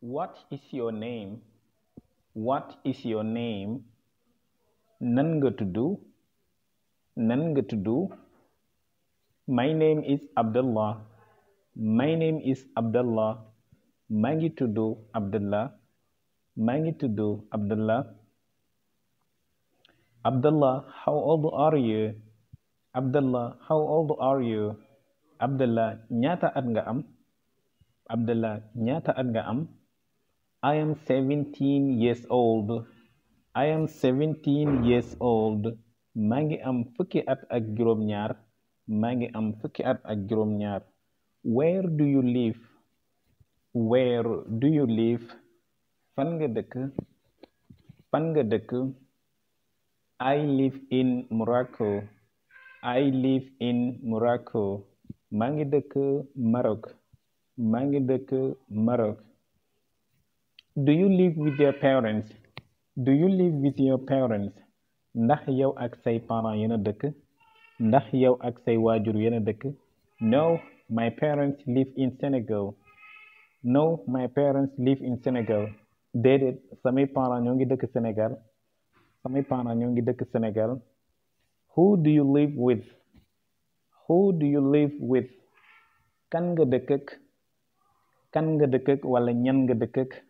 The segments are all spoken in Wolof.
what is your name what is your name nan nga tudd nan nga tudd my name is Abdullah my name is Abdullah maa ngi tudd Abdullah maa ngi tudd Abdullah Abdullah how old are you Abdullah how old are you Abdullah ñaata at nga am Abdullah ñaata at am I am 17 years old. I am 17 years old. maa ngi am fukki at ak juróom-ñaar. ngi am fukki ak juróom-ñaar. Where do you live? Where do you live? fan nga dëkk. fan nga dëkk. I live in Morocco. I live in Morocco. maa ngi dëkk Maroc. maa ngi dëkk Maroc. do you live with your parents do you live with your parents ndax yow ak say parents yéen dëkk ndax yow ak say waajur yéen dëkk no my parents live in Senegal no my parents live in Senegal déedéet samay parents ñoo ngi dëkk Sénégal samay parents ñoo ngi dëkk senegal who do you live with kan nga dëkk kan nga dëkk wala ñan nga dëkk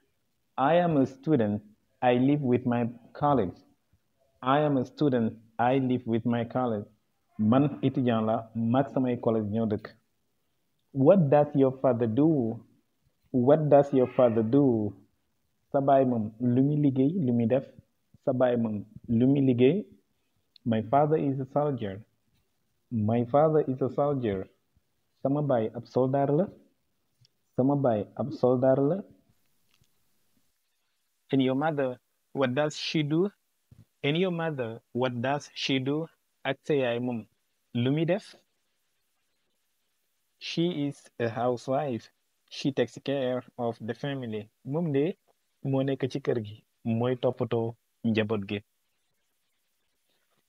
I am a student. I live with my colleagues. I am a student. I live with my colleagues. man étudiant la mag samay collègue ñoo dëkk. what does your father do? what does your father do? sa baay moom lu muy liggéey lu muy def. sa baay moom lu muy liggéey. my father is a soldier. my father is a soldier. sama baay ab soldaar la. sama baay ab soldaar la. And your mother, what does she do? ak sa yaay moom lu muy def. She is a housewife. She takes care of the family. moom de moo nekk ci kër gi. mooy toppatoo njaboot gi.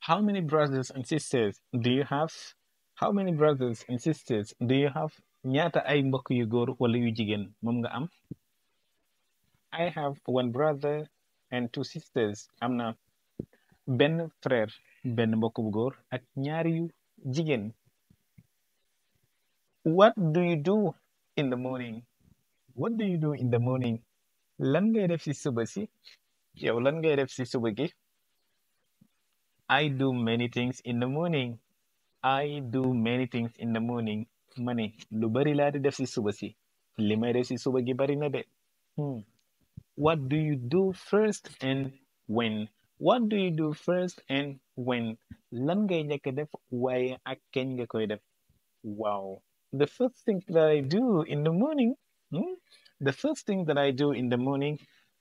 How many brothers and sisters do you have? How many brothers and sisters do you have? ñaata ay mbokk yu góor wala yu jigéen moom nga am. I have one brother and two sisters am na benn frère benn mbokk bu góor ak ñaari yu jigéen. What do you do in the morning? What do you do in the morning? lan ngay def ci suba si yow lan ngay def ci suba gi I do many things in the morning I do many things in the morning ma lu bari laa di def ci suba si li may def ci suba gi bari na de hmm. What do you do first and when? What do you do first and when? lan ngay njëkk def waaye ak kañ nga koy def. waaw The first thing that I do in the morning. Hmm? The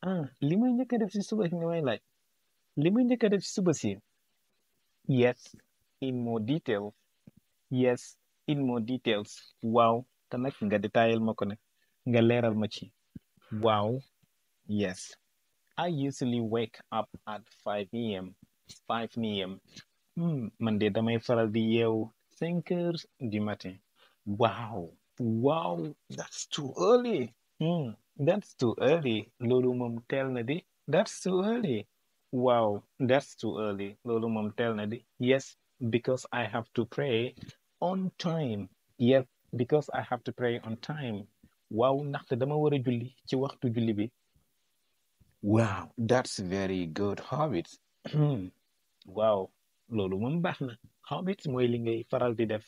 ah, li may njëkk def si suba si nga may laaj. li may njëkk def si suba si. Yes, in more detail. Yes, in more details. Wow. te nag nga détaillé ma ko nag nga leeral ma ci. waaw Yes, I usually wake up at 5 a.m. 5 a.m. Hmm, man de damay faral di yeewu 5 heures du matin. Wow, wow, that's too early. Hmm, that's too early. Loolu moom teel na di. That's too early. Wow, that's too early. Loolu moom teel na di. Yes, because I have to pray on time. Yes, because I have to pray on time. Waaw, ndaxte dama war a julli ci waxtu julli bi. wow that's very good habits hmm. waaw loolu moom baax na habits mooy li faral di def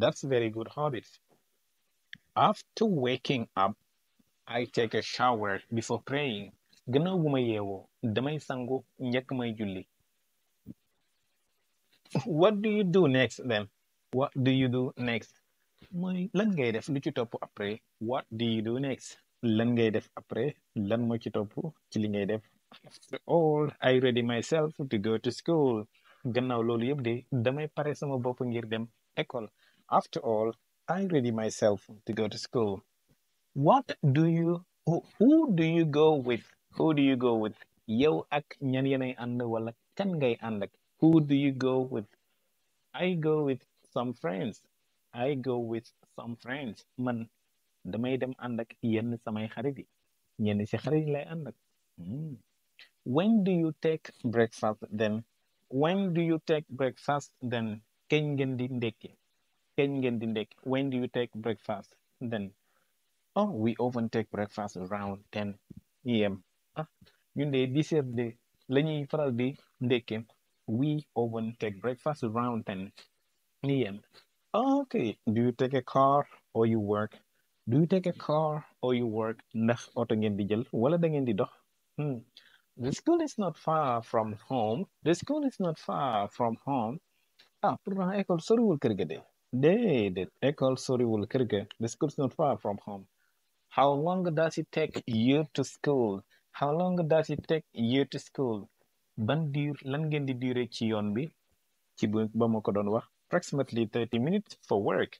that's very good habits after waking up I take a shower before praying gannaaw bu yeewoo damay sangu njëkk may julli what do you do next then what do you do next mooy lan ngay def lu ci topp après what do you do next lan ngay def après lan moo ci topp ci li ngay def after all I ready myself to go to school gannaaw loolu yëpp de damay pare sama bopp ngir dem école after all I ready myself to go to school what do you go with who do you go with yow ak ñan yenay ànd wala kan ngay ànd ak who do you go with I go with some friends I go with some friends damay dem ànd yenn samay xarit yi ñenn si xarit yi lay ànd ak hmm. when do you take breakfast then when do you take breakfast then kañ ngeen di ndekki kañ ngeen di ndekki when do you take breakfast then oh we often take breakfast around ten yem ah ñun de dix heures de faral di ndekki we often take breakfast around ten am ah, okay do you take a car or you work do you take a car or you work ndax oto ngeen di jël wala da ngeen di dox hmm. the school is not far from home the school is not far from home ah pourtant école soriwul kër ga de déedéet école soriwul kër ga the school is not far from home how long does it take you to school ban diir lan ngeen di diire ci yoon bi ci bu ba ma ko doon wax approximately thirty minutes for work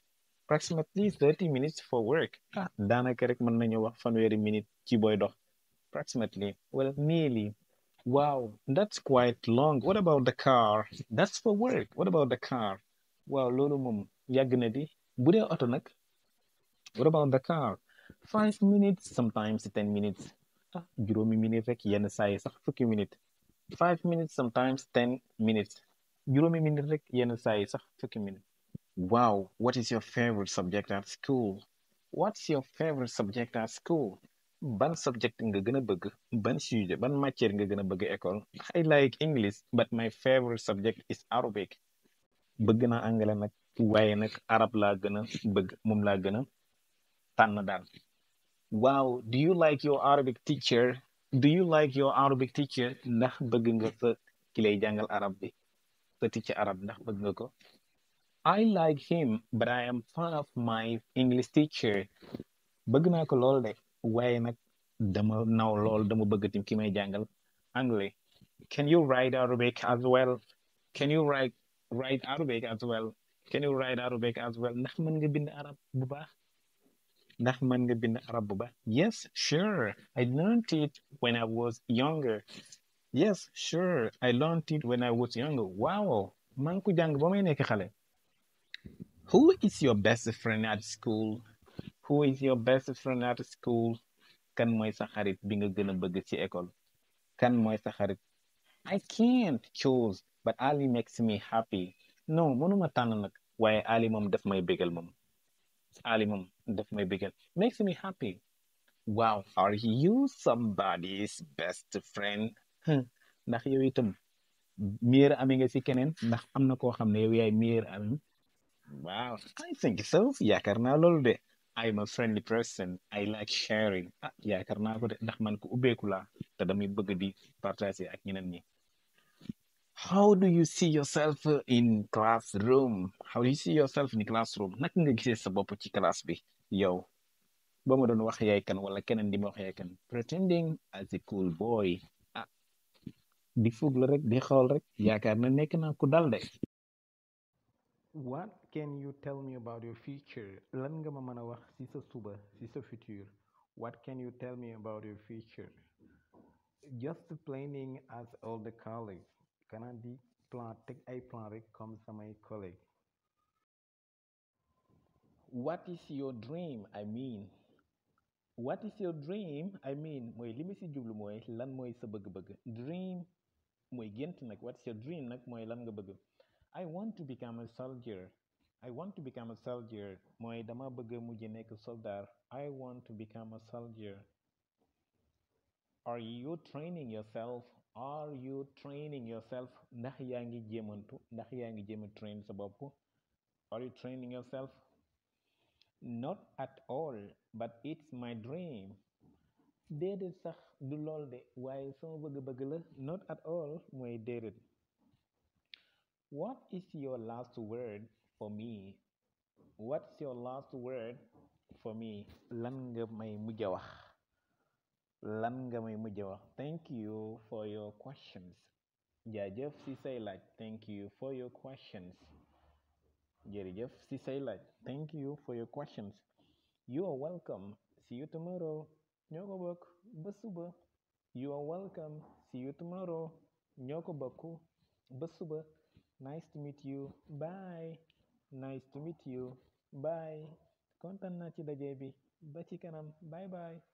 approximately thirty minutes for work ah daanaka rek mën nañu wax fanweeri minute ci booy dox approximately well nearly wow that's quite long what about the car that's for work what about the car waaw loolu moom yàgg di bu dee oto nag what about the car five minutes sometimes ten minutes ah juróomi minute rek yenn saa yi sax fukki minute five minutes sometimes ten minutes juróomi minute rek yenn saa yi sax fukki minute waaw what is your favorite subject at school? What's your favorite subject at school? ban subject nga gën a bëgg ban sujet ban matière nga gën a bëgg école I like English but my favorite subject is Arabic bëgg naa anglais nag waaye nag arab laa gën a bëgg moom laa gën a tànn daal waaw do you like your Arabic teacher do you like your Arabic teacher ndax bëgg nga sa ki lay jàngal arab bi sa teacher arab ndax bëgg nga ko I like him but I am fan of my English teacher bëgg naa ko lool de waaye nag dama naw lool dama bëgg tim ki may jàngal anglais can you write Arabic as well can you write write Arabic as well ndax mën nga bind arab bu baax ndax mën nga bind arab bu baax yes sure I learned it when I was younger yes sure I learned it when I was younger waaw maa ngi ko ba may nekk xale who is your best friend at school kan mooy saxarit xarit bi nga gën bëgg ci école kan mooy sa xarit I can't choose but Ali makes me happy no mënuma tànn nag waaye Ali moom daf may bégal moom Ali moom daf may bégal makes me happy wow are you somebody's best friend hmm, ndax yow itam meilleur nga ci keneen ndax am na koo xam ne yow yaay meilleur waaw I yaakaar naa loolu de I'm a friendly person I like sharing ah yaakaar naa ko de ndax man ko ubbeeku laa te damay bëgg di partager ak ñeneen ñi how do you see yourself in classroom how do you see yourself in classroom naka nga gisee sa bopp ci classe bi yow ba ma doon wax yaay kan wala keneen di ma wax yaay kan pretending as a cool boy ah di fuglu rek di xool rek yaakaar na nekk naa ku dal de what can you tell me about your future lan nga ma mën a wax ci sa suba ci sa futur what can you tell me about your future just planning as di plan teg ay plan rek comme samay collègue what is your dream I mean mooy li mu ci jublu mooy lan mooy sa bëgg-bëgg dream mooy gént nag what is your dream nag mooy lan nga bëgg I want to become a soldier want to become a mooy dama bëgg mujj nekk soldat I want to become a soldier are you training yourself ndax yaa ngi jéemantu ndax yaa ngi jéem train sa bopp are you training yourself not at all but it's my dream déedéet sax du lool de waaye sama bëgg-bëgg la not at all mooy déedéet What is your last word for me what's your last word for me lan nga may mujj wax lan nga may mujj wax thank you for your questions jaajëf si say laaj thank jërëjëf si say laaj thank you for your questions you are welcome see you tomorrow ñoo ko bokk ba suba you are welcome see you tomorrow ñoo ko bokk ba suba nice to meet you bye nice to meet you bye kontaan naa ci daje bi ba ci kanam bye bye.